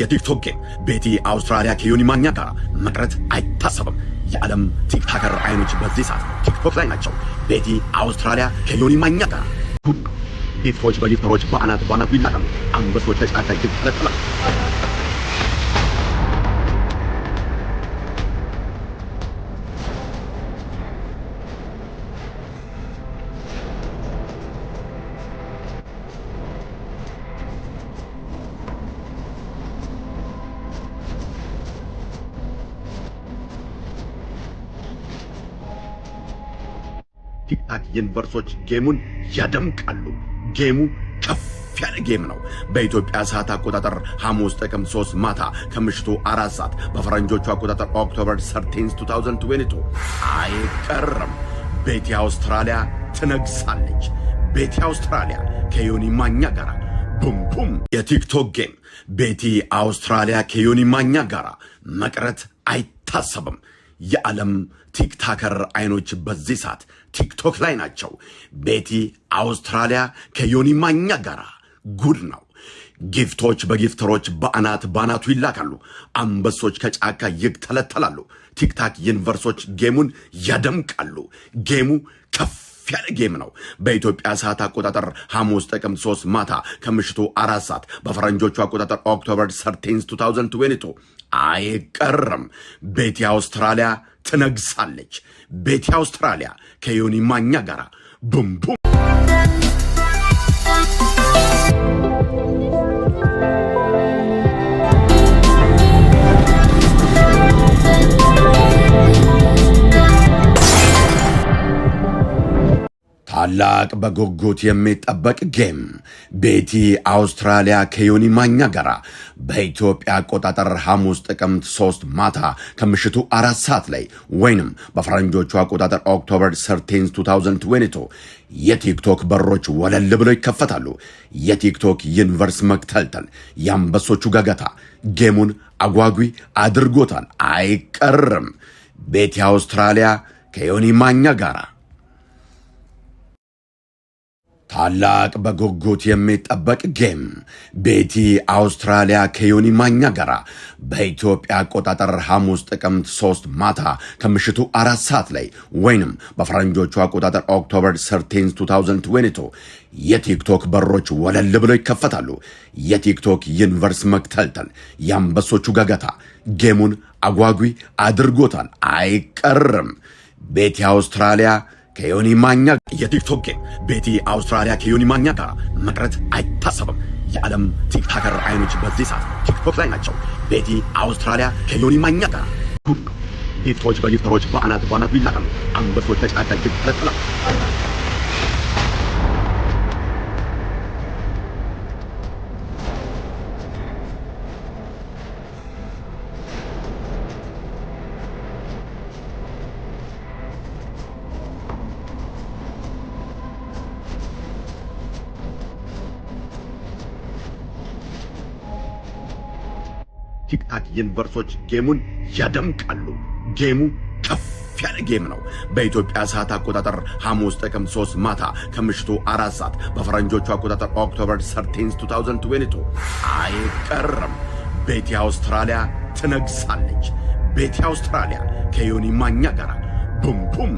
የቲክቶክ ጌም ቤቲ አውስትራሊያ ከዮኒ ማኛ ጋር መቅረት አይታሰብም። የዓለም ቲክታከር አይኖች በዚህ ሰዓት ቲክቶክ ላይ ናቸው። ቤቲ አውስትራሊያ ከዮኒ ማኛ ጋር ጌቶች በጌፈሮች በአናት በአናት ቢላቀም አንበሶች ተጫታይ ትጠለጠላል ቲክታክ ዩኒቨርሶች ጌሙን ያደምቃሉ። ጌሙ ከፍ ያለ ጌም ነው። በኢትዮጵያ ሰዓት አቆጣጠር ሐሙስ ጥቅምት 3 ማታ ከምሽቱ አራት ሰዓት በፈረንጆቹ አቆጣጠር ኦክቶበር 13 2022 አይቀርም። ቤቲ አውስትራሊያ ትነግሳለች። ቤቲ አውስትራሊያ ከዮኒ ማኛ ጋር ቡም የቲክቶክ ጌም ቤቲ አውስትራሊያ ከዮኒ ማኛ ጋር መቅረት አይታሰብም። የዓለም ቲክታከር አይኖች በዚህ ሰዓት ቲክቶክ ላይ ናቸው። ቤቲ አውስትራሊያ ከዮኒ ማኛ ጋር ጉድ ነው። ጊፍቶች በጊፍተሮች በአናት በአናቱ ይላካሉ። አንበሶች ከጫካ ይግተለተላሉ። ቲክታክ ዩኒቨርሶች ጌሙን ያደምቃሉ። ጌሙ ከፍ ያለ ጌም ነው። በኢትዮጵያ ሰዓት አቆጣጠር ሐሙስ ጥቅምት 3 ማታ ከምሽቱ አራት ሰዓት በፈረንጆቹ አቆጣጠር ኦክቶበር 13 2022 አይቀርም። ቤቲ አውስትራሊያ ትነግሳለች። ቤቲ አውስትራሊያ ከዮኒ ማኛ ጋር ቡምቡ ታላቅ በጉጉት የሚጠበቅ ጌም ቤቲ አውስትራሊያ ከዮኒ ማኛ ጋር በኢትዮጵያ አቆጣጠር ሐሙስ ጥቅምት 3 ማታ ከምሽቱ አራት ሰዓት ላይ ወይንም በፈረንጆቹ አቆጣጠር ኦክቶበር 13 2022 የቲክቶክ በሮች ወለል ብለው ይከፈታሉ። የቲክቶክ ዩኒቨርስ መክተልተል፣ የአንበሶቹ ጋጋታ ጌሙን አጓጊ አድርጎታል። አይቀርም። ቤቲ አውስትራሊያ ከዮኒ ማኛ ጋራ ታላቅ በጉጉት የሚጠበቅ ጌም ቤቲ አውስትራሊያ ከዮኒ ማኛ ጋር በኢትዮጵያ አቆጣጠር ሐሙስ ጥቅምት 3 ማታ ከምሽቱ አራት ሰዓት ላይ ወይንም በፈረንጆቹ አቆጣጠር ኦክቶበር 13 2022 የቲክቶክ በሮች ወለል ብለው ይከፈታሉ። የቲክቶክ ዩኒቨርስ መክተልተል፣ የአንበሶቹ ገገታ ጌሙን አጓጊ አድርጎታል። አይቀርም ቤቲ አውስትራሊያ ከዮኒ ማኛ የቲክቶክ ጌም ቤቲ አውስትራሊያ ከዮኒ ማኛ ጋር መቅረት አይታሰብም። የዓለም ቲክቶከር አይኖች በዚህ ሰዓት ቲክቶክ ላይ ናቸው። ቤቲ አውስትራሊያ ከዮኒ ማኛ ጋር ሂቶች በሊፍተሮች በአናት በአናት ቢላቀም አንበሶች ተጫዳጅ ተጠለጥላል ቲክታክ ዩኒቨርሶች ጌሙን ያደምቃሉ። ጌሙ ከፍ ያለ ጌም ነው። በኢትዮጵያ ሰዓት አቆጣጠር ሐሙስ ጥቅምት 3 ማታ ከምሽቱ አራት ሰዓት በፈረንጆቹ አቆጣጠር ኦክቶበር 13 2022 አይቀርም። ቤቲ አውስትራሊያ ትነግሳለች። ቤቲ አውስትራሊያ ከዮኒ ማኛ ጋር ቡምቡም